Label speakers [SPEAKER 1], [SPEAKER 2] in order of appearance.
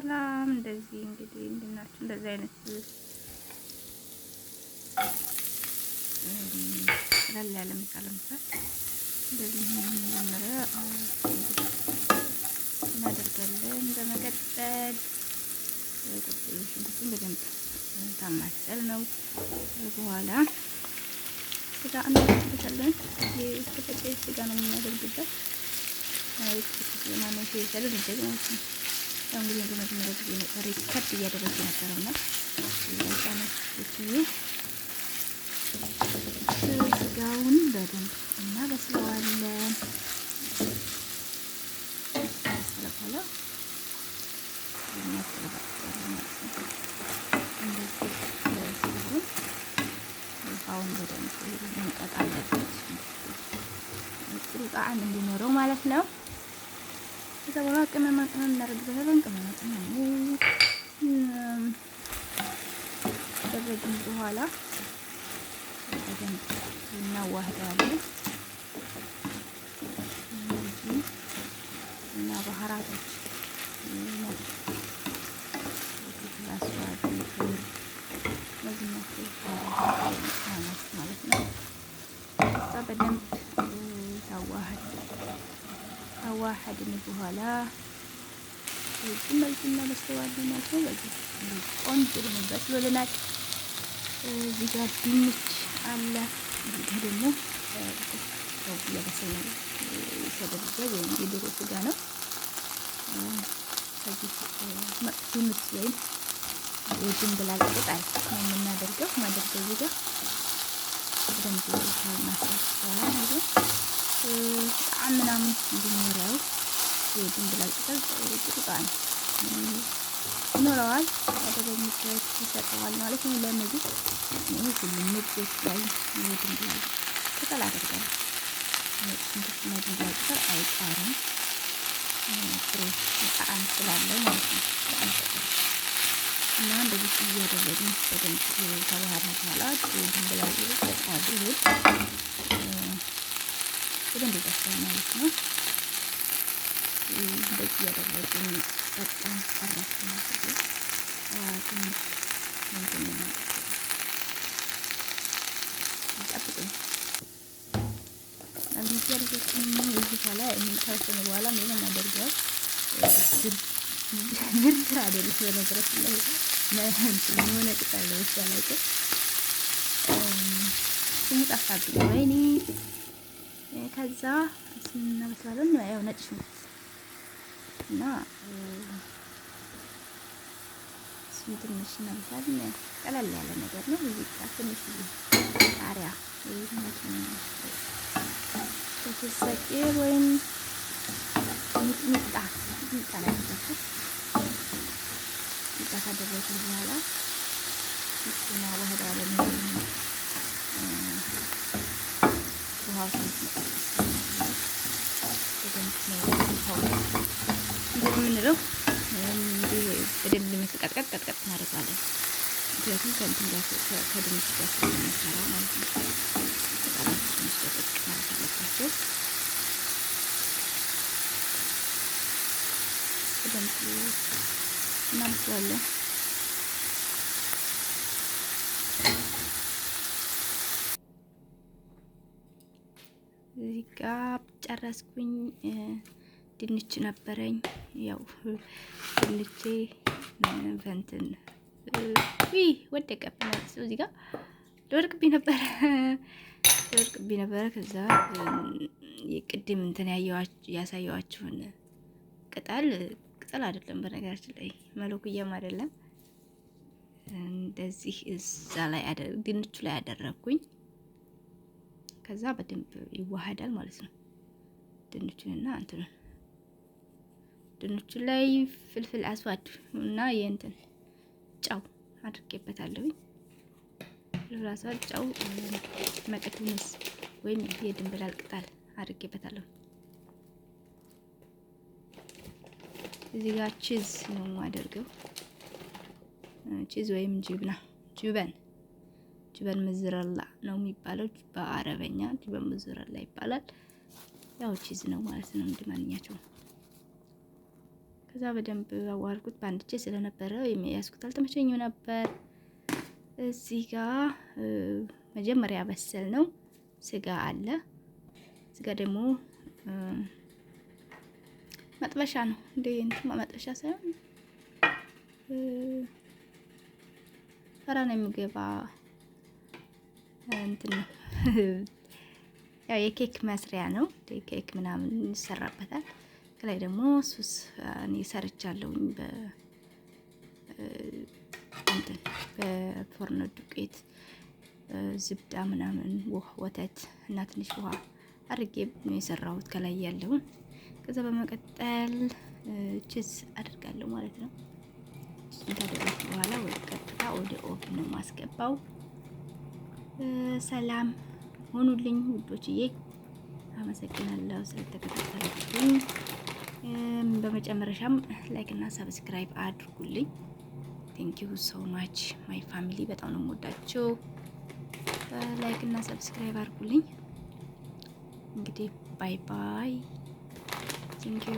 [SPEAKER 1] ሰላም። እንደዚህ እንግዲህ እንድናችሁ እንደዚህ አይነት ቀለል ያለ ምሳ ለመስራት እንደዚህ መጀመሪያ እናደርጋለን። በመቀጠል ሽንኩርቱን በደንብ ታማሰል ነው በኋላ ስጋ እናደርግበታለን። የተፈጨ ስጋ ነው የምናደርግበት ማለት ነው። ያው እንግዲህ እንደመጀመሪያ ጊዜ ነበር ከት እያደረግ የነበረውና ስጋውን በደንብ እናበስለዋለን። ስለበኋላ በደንብ መንቀጥ ጣዕም እንዲኖረው ማለት ነው። ከዛ በኋላ ቅመማ ቅመም እናደርግበታለን። ቅመማ ቅመም ደረግን በኋላ በደንብ እናዋህደዋለን። እና ባህራቶች ማለት ነው። ከዋሀድን በኋላ በዚህ መልኩ እናበስለዋለን ማለት ነው። በዚህ ቆንጆ ሆኖ በስሎልናል። እዚህ ጋር ድንች አለ። እዚህ ጋር ደግሞ ለበሰለ ሰደብዘ ወይም የዶሮ ስጋ ነው። ከዚህ ድንች ወይም የድንብላል ቅጣል ነው የምናደርገው ማደርገው እዚህ ጋር በደንብ ማሰል ይቻላል። ጣዕም ምናምን እንዲኖረው የድንብላል ቅጠል ጥሩ ጣዕም ይኖረዋል። አደበኝበት ይሰጠዋል ማለት ነው። ለምግብ ይህ ምግቦች ላይ የድንብላል ቅጠል አደርጋለሁ። ድንብላል ቅጠል አይጣርም፣ ጥሩ ጣዕም ስላለው ማለት ነው። እና እንደዚህ እያደረግን በደንብ ከባህር በኋላ ድንብላል ቅጠል በደንብ ይጠጣል ማለት ነው። እንደዚህ እያደረግን ጠጣን ቀረፍ በኋላ ምን እናደርገዋል? ግርግር አይደለም። በነገራችን ከዛ ስናበስላለን ያው ነጭ ሽንኩርት እና እሱን ትንሽ እናበስላለን። ቀለል ያለ ነገር ነው። እዚህ ጋር ትንሽ ቃሪያ ሰቄር ወይም ሚጣ ሚጣ ላይ ሚጣ ካደረግን በኋላ እሱን አዋህደዋለን። ውሃውን እንደምንለው በደንብ መስቀጥቀጥ ቀጥቀጥ እናደርጋለን። ምክንያቱም ከእንትን ጋር ከድንች ጋር ስለምንሰራ ማለት ነው። ቃላቸው ትንሽ ደቀቅ ማለት አለባቸው። በደንብ እናምስላለን። እዚህ ጋ ጨረስኩኝ። ድንች ነበረኝ። ያው ድንቼ እዚህ ነበረ ሊወድቅብኝ ነበረ። ከዛ የቅድም እንትን ያሳየዋችሁን ቅጠል ቅጠል አይደለም፣ በነገራችን ላይ መለኩያም አይደለም። እንደዚህ እዛ ላይ ድንቹ ላይ ከዛ በደንብ ይዋሃዳል ማለት ነው። ድንቹንና እንትኑን ድንቹ ላይ ፍልፍል አስዋድ እና የእንትን ጨው አድርጌበታለሁኝ። ፍልፍል አስዋድ፣ ጨው፣ መቀትንስ ወይም የድንብላል ቅጠል አድርጌበታለሁ። እዚህ ጋር ቺዝ ነው የማደርገው። ቺዝ ወይም ጅብና ጅበን ጅበል ምዝረላ ነው የሚባለው። በአረበኛ ጅበል ምዝረላ ይባላል። ያው ቺዝ ነው ማለት ነው እንደማንኛቸው። ከዛ በደንብ አዋልኩት በአንድ እጄ ስለነበረ ያስኩት አልተመቸኝም ነበር። እዚህ ጋር መጀመሪያ በሰል ነው ስጋ አለ። ስጋ ደግሞ መጥበሻ ነው እንደ መጥበሻ ሳይሆን ተራ ነው የሚገባ እንትን ነው ያው የኬክ መስሪያ ነው። ኬክ ምናምን ይሰራበታል። ከላይ ደግሞ ሱስ እኔ ሰርቻለሁኝ በፎርኖ ዱቄት ዝብዳ ምናምን ውሃ ወተት እና ትንሽ ውሃ አድርጌ ነው የሰራሁት ከላይ ያለውን። ከዛ በመቀጠል ችዝ አድርጋለሁ ማለት ነው። ካደረኩ በኋላ ወደ ቀጥታ ወደ ኦቭን ነው ማስገባው። ሰላም ሆኑልኝ ውዶችዬ። አመሰግናለሁ ስለተከታተላችሁኝ። በመጨመረሻም ላይክ እና ሰብስክራይብ አድርጉልኝ። ቴንኪዩ ሶ ማች ማይ ፋሚሊ፣ በጣም ነው የምወዳቸው። ላይክ እና ሰብስክራይብ አድርጉልኝ። እንግዲህ ባይ ባይ። ቴንኪዩ